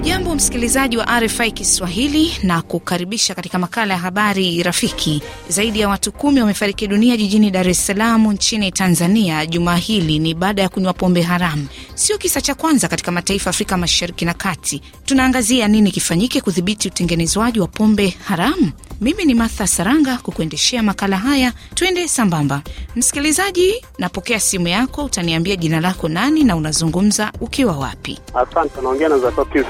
ujambo msikilizaji wa RFI Kiswahili na kukaribisha katika makala ya habari rafiki. Zaidi ya watu kumi wamefariki dunia jijini Dar es Salaam nchini Tanzania jumaa hili ni baada ya kunywa pombe haramu. Sio kisa cha kwanza katika mataifa Afrika Mashariki na Kati. Tunaangazia nini kifanyike kudhibiti utengenezwaji wa pombe haramu. Mimi ni Martha Saranga kukuendeshea makala haya, twende sambamba. Msikilizaji, napokea simu yako, utaniambia jina lako nani na unazungumza ukiwa wapi? Asante, naongea na Zatokius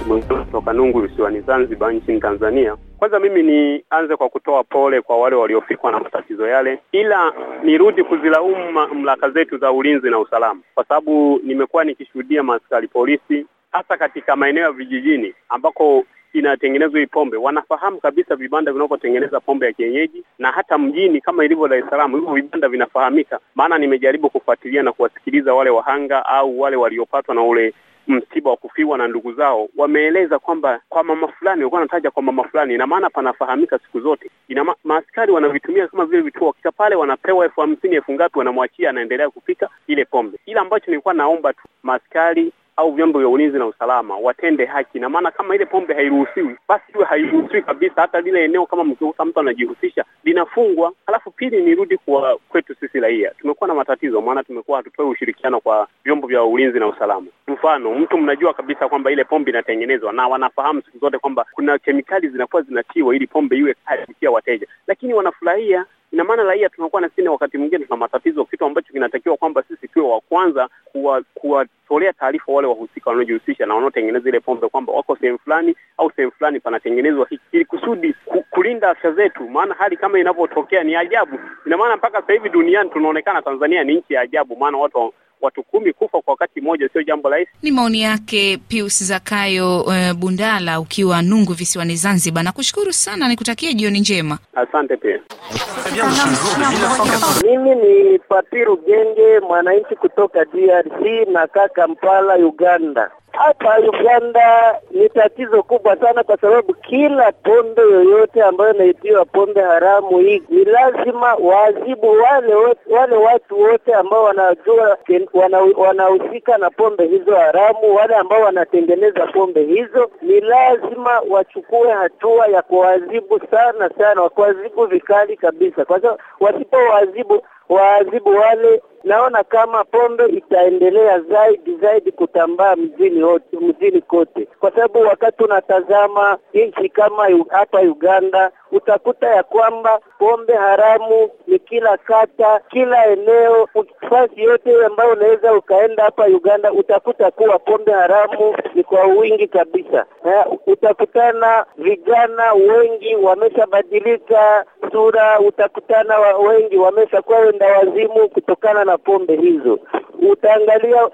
kutoka Nungu visiwani Zanzibar nchini Tanzania. Kwanza mimi nianze kwa kutoa pole kwa wale waliofikwa na matatizo yale, ila nirudi kuzilaumu mamlaka zetu za ulinzi na usalama, kwa sababu nimekuwa nikishuhudia maaskari polisi hasa katika maeneo ya vijijini ambako inatengenezwa hii pombe, wanafahamu kabisa vibanda vinavyotengeneza pombe ya kienyeji, na hata mjini kama ilivyo Dar es Salaam, hivyo vibanda vinafahamika. Maana nimejaribu kufuatilia na kuwasikiliza wale wahanga au wale waliopatwa na ule msiba wa kufiwa na ndugu zao, wameeleza kwamba kwa mama fulani, walikuwa wanataja kwa mama fulani. Ina maana panafahamika siku zote, ina maaskari wanavitumia kama vile vituo. wakika pale wanapewa elfu hamsini elfu ngapi, wanamwachia anaendelea kupika ile pombe. Ile ambacho nilikuwa naomba tu maaskari au vyombo vya ulinzi na usalama watende haki, na maana kama ile pombe hairuhusiwi, basi iwe hairuhusiwi kabisa. Hata lile eneo kama mkikuta mtu anajihusisha linafungwa. Halafu pili, nirudi kwa kwetu sisi raia, tumekuwa na matatizo, maana tumekuwa hatutoi ushirikiano kwa vyombo vya ulinzi na usalama. Mfano, mtu mnajua kabisa kwamba ile pombe inatengenezwa na wanafahamu siku zote kwamba kuna kemikali zinakuwa zinatiwa ili pombe iwe kali kufikia wateja, lakini wanafurahia Ina maana raia tunakuwa na sisi, wakati mwingine tuna matatizo, kitu ambacho kinatakiwa kwamba sisi tuwe wa kwanza kuwatolea taarifa wale wahusika wanaojihusisha na wanaotengeneza ile pombe kwamba wako sehemu fulani au sehemu fulani panatengenezwa hiki, ili kusudi kulinda afya zetu, maana hali kama inavyotokea ni ajabu. Ina maana mpaka sasa hivi duniani tunaonekana Tanzania ni nchi ya ajabu, maana watu watu kumi kufa kwa wakati mmoja sio jambo rahisi. Ni maoni yake Pius Zakayo uh, Bundala ukiwa Nungu visiwani Zanzibar. Nakushukuru sana, nikutakie jioni njema. Asante pia. Mimi ni Papiru Genge, mwananchi kutoka DRC na kaka Kampala, Uganda. Hapa Uganda ni tatizo kubwa sana, kwa sababu kila pombe yoyote ambayo inaitiwa pombe haramu hii ni lazima waadhibu wale wale watu wote ambao wanajua wanahusika wana na pombe hizo haramu, wale ambao wanatengeneza pombe hizo ni lazima wachukue hatua ya kuwaadhibu sana sana, kuwaadhibu vikali kabisa, kwa sababu wasipowaadhibu waadhibu wale. Naona kama pombe itaendelea zaidi zaidi kutambaa mjini wote, mjini kote, kwa sababu wakati unatazama nchi kama hapa Uganda utakuta ya kwamba pombe haramu ni kila kata, kila eneo, fasi yote ambayo unaweza ukaenda hapa Uganda utakuta kuwa pombe haramu ni kwa wingi kabisa. Ha, utakutana vijana wengi wameshabadilika sura, utakutana wengi wameshakuwa kwenda wazimu kutokana na pombe hizo. Utaangalia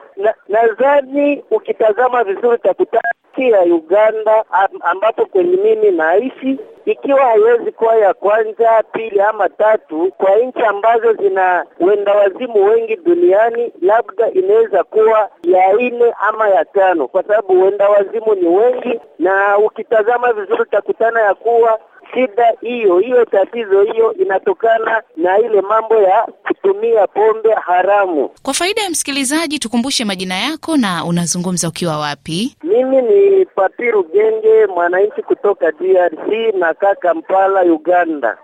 nadhani, na ukitazama vizuri utakutana ya Uganda ambapo kwenye mimi naishi ikiwa haiwezi kuwa ya kwanza, pili ama tatu kwa nchi ambazo zina wenda wazimu wengi duniani, labda inaweza kuwa ya nne ama ya tano, kwa sababu wenda wazimu ni wengi, na ukitazama vizuri utakutana ya kuwa shida hiyo hiyo tatizo hiyo inatokana na ile mambo ya kutumia pombe haramu. Kwa faida ya msikilizaji, tukumbushe majina yako na unazungumza ukiwa wapi? Mimi ni Papiru Genge, mwananchi kutoka DRC na kaa Kampala, Uganda.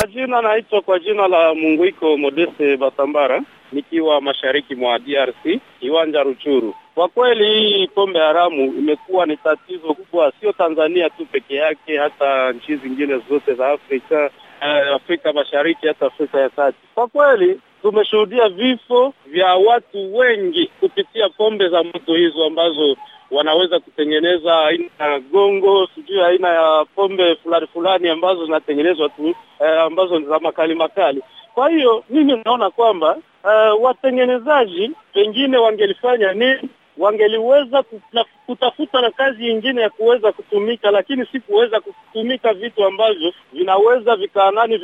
Majina naitwa kwa jina la Munguiko Modeste Batambara, nikiwa mashariki mwa DRC, kiwanja Ruchuru. Kwa kweli hii pombe haramu imekuwa ni tatizo kubwa, sio Tanzania tu peke yake, hata nchi zingine zote za Afrika uh, Afrika Mashariki, hata Afrika ya Kati. Kwa kweli tumeshuhudia vifo vya watu wengi kupitia pombe za moto hizo ambazo wanaweza kutengeneza aina ya gongo, sijui aina ya pombe fulani fulani ambazo zinatengenezwa tu eh, ambazo ni za makali makali. Kwa hiyo mimi naona kwamba eh, watengenezaji pengine wangelifanya nini wangeliweza kutafuta na kazi nyingine ya kuweza kutumika, lakini si kuweza kutumika vitu ambavyo vinaweza vikanani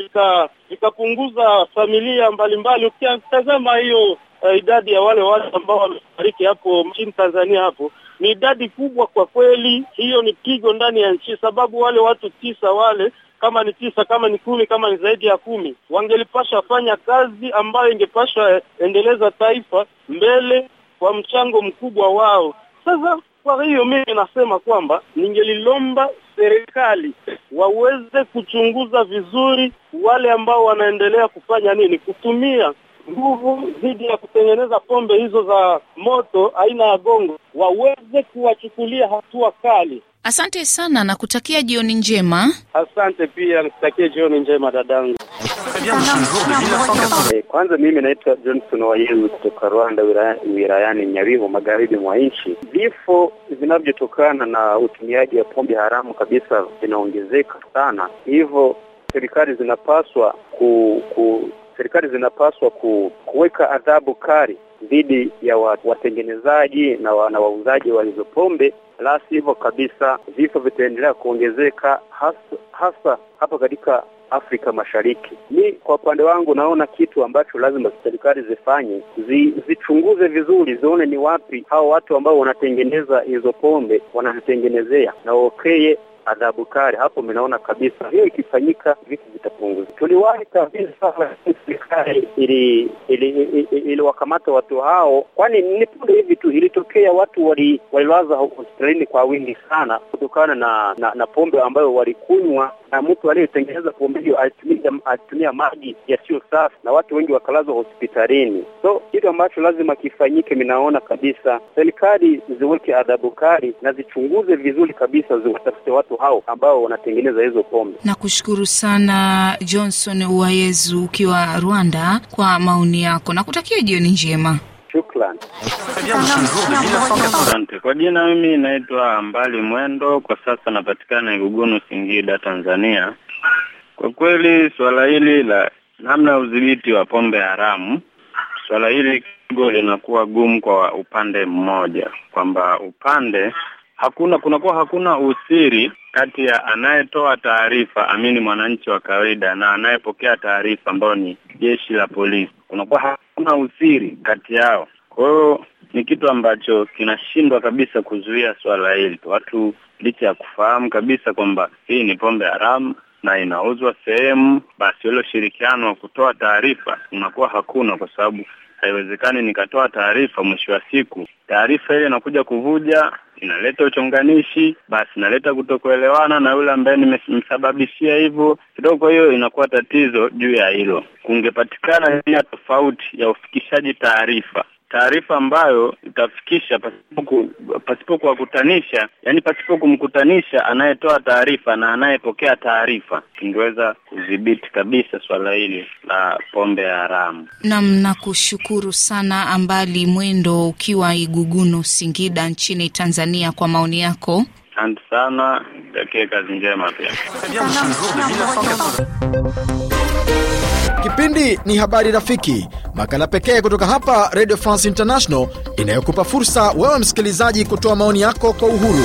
vikapunguza vika familia mbalimbali. Ukitazama hiyo uh, idadi ya wale wale ambao wamefariki hapo nchini Tanzania hapo ni idadi kubwa kwa kweli. Hiyo ni pigo ndani ya nchi, sababu wale watu tisa wale kama ni tisa kama ni kumi kama ni zaidi ya kumi wangelipasha fanya kazi ambayo ingepasha eh, endeleza taifa mbele kwa mchango mkubwa wao. Sasa kwa hiyo mimi nasema kwamba ningelilomba serikali waweze kuchunguza vizuri wale ambao wanaendelea kufanya nini, kutumia nguvu dhidi ya kutengeneza pombe hizo za moto aina ya gongo, waweze kuwachukulia hatua kali. Asante sana na kutakia jioni njema. Asante pia nikutakie jioni njema dadangu. Eh, kwanza mimi naitwa Johnson Wayezu kutoka Rwanda, wilayani Nyabihu, magharibi mwa nchi. Vifo vinavyotokana na utumiaji wa pombe haramu kabisa vinaongezeka sana, hivyo serikali zinapaswa ku, ku serikali zinapaswa ku, kuweka adhabu kali dhidi ya watengenezaji na wauzaji wa hizo pombe, la sivyo kabisa vifo vitaendelea kuongezeka, hasa, hasa hapa katika Afrika Mashariki. Mi kwa upande wangu naona kitu ambacho lazima serikali zifanye, zichunguze vizuri, zione ni wapi hao watu ambao wanatengeneza hizo pombe wanatengenezea na waokeye okay, adhabu kali. Hapo mnaona kabisa hiyo ikifanyika vitu vitapunguza. Tuliwahi kabisa, serikali ili iliwakamata watu hao, kwani ni punde hivi tu ilitokea watu wali- walilaza hospitalini kwa wingi sana kutokana na, na, na pombe ambayo walikunywa na mtu aliyetengeneza pombe hiyo alitumia, alitumia maji yasiyo safi na watu wengi wakalazwa hospitalini. So kitu ambacho lazima kifanyike, minaona kabisa serikali ziweke adhabu kali na zichunguze vizuri kabisa, ziwatafute watu hao ambao wanatengeneza hizo pombe. Nakushukuru sana Johnson Wayezu ukiwa Rwanda kwa maoni yako na kutakia jioni njema. Auckland. Asante kwa jina, mimi naitwa Mbali Mwendo, kwa sasa napatikana Igugunu, Singida, Tanzania. Kwa kweli swala hili la namna ya udhibiti wa pombe haramu, swala hili kidogo linakuwa gumu kwa upande mmoja, kwamba upande hakuna kunakuwa hakuna usiri kati ya anayetoa taarifa amini mwananchi wa kawaida na anayepokea taarifa ambayo ni jeshi la polisi. Kunakuwa hakuna usiri kati yao, kwa hiyo ni kitu ambacho kinashindwa kabisa kuzuia swala hili. Watu licha ya kufahamu kabisa kwamba hii ni pombe haramu na inauzwa sehemu, basi ule ushirikiano wa kutoa taarifa unakuwa hakuna, kwa sababu haiwezekani nikatoa taarifa, mwisho wa siku taarifa ile inakuja kuvuja, inaleta uchonganishi, basi inaleta kutokuelewana na yule ambaye nimemsababishia hivyo kidogo. Kwa hiyo inakuwa tatizo juu ya hilo. Kungepatikana njia tofauti ya ufikishaji taarifa taarifa ambayo itafikisha pasipo kuwakutanisha, yani pasipo kumkutanisha anayetoa taarifa na anayepokea taarifa, tungeweza kudhibiti kabisa swala hili la pombe ya haramu. nam nakushukuru sana Ambali Mwendo ukiwa Igugunu, Singida nchini Tanzania kwa maoni yako. Asante sana, takie kazi njema pia. Kipindi ni habari rafiki makala pekee kutoka hapa Radio France International inayokupa fursa wewe msikilizaji kutoa maoni yako kwa uhuru.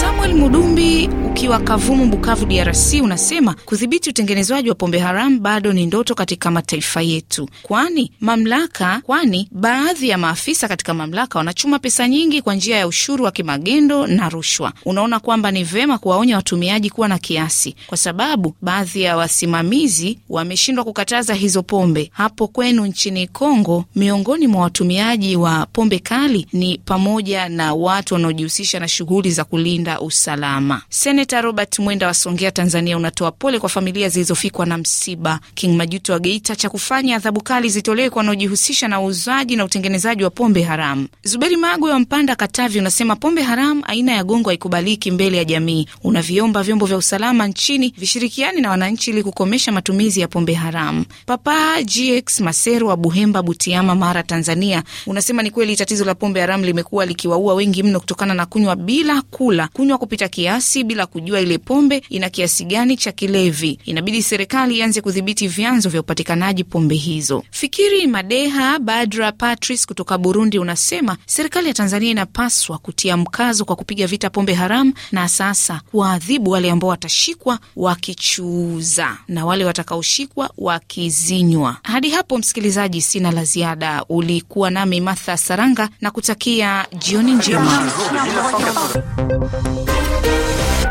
Samuel Mudumbi ukiwa Kavumu, Bukavu, DRC, unasema kudhibiti utengenezwaji wa pombe haramu bado ni ndoto katika mataifa yetu, kwani mamlaka, kwani baadhi ya maafisa katika mamlaka wanachuma pesa nyingi kwa njia ya ushuru wa kimagendo na rushwa. Unaona kwamba ni vema kuwaonya watumiaji kuwa na kiasi, kwa sababu baadhi ya wasimamizi wameshindwa kukataza hizo pombe. Hapo kwenu nchini Kongo, miongoni mwa watumiaji wa pombe kali ni pamoja na watu wanaojihusisha na shughuli za kulinda usalama Senate Geita Robert Mwenda wa Songea, Tanzania, unatoa pole kwa familia zilizofikwa na msiba. King Majuto wa Geita cha kufanya adhabu kali zitolewe kwa wanaojihusisha na uuzaji na utengenezaji wa pombe haramu. Zuberi Magwe wa Mpanda, Katavi, unasema pombe haramu aina ya gongo haikubaliki mbele ya jamii. Unaviomba vyombo vya usalama nchini vishirikiani na wananchi ili kukomesha matumizi ya pombe haramu. Papa GX Maseru wa Buhemba, Butiama, Mara, Tanzania, unasema ni kweli tatizo la pombe haramu limekuwa likiwaua wengi mno kutokana na kunywa bila kula, kunywa kupita kiasi bila ku kujua ile pombe ina kiasi gani cha kilevi. Inabidi serikali ianze kudhibiti vyanzo vya upatikanaji pombe hizo. Fikiri Madeha Badra Patrice kutoka Burundi unasema serikali ya Tanzania inapaswa kutia mkazo kwa kupiga vita pombe haramu, na sasa kuwaadhibu wale ambao watashikwa wakichuuza na wale watakaoshikwa wakizinywa. Hadi hapo, msikilizaji, sina la ziada. Ulikuwa nami Martha Saranga na kutakia jioni njema.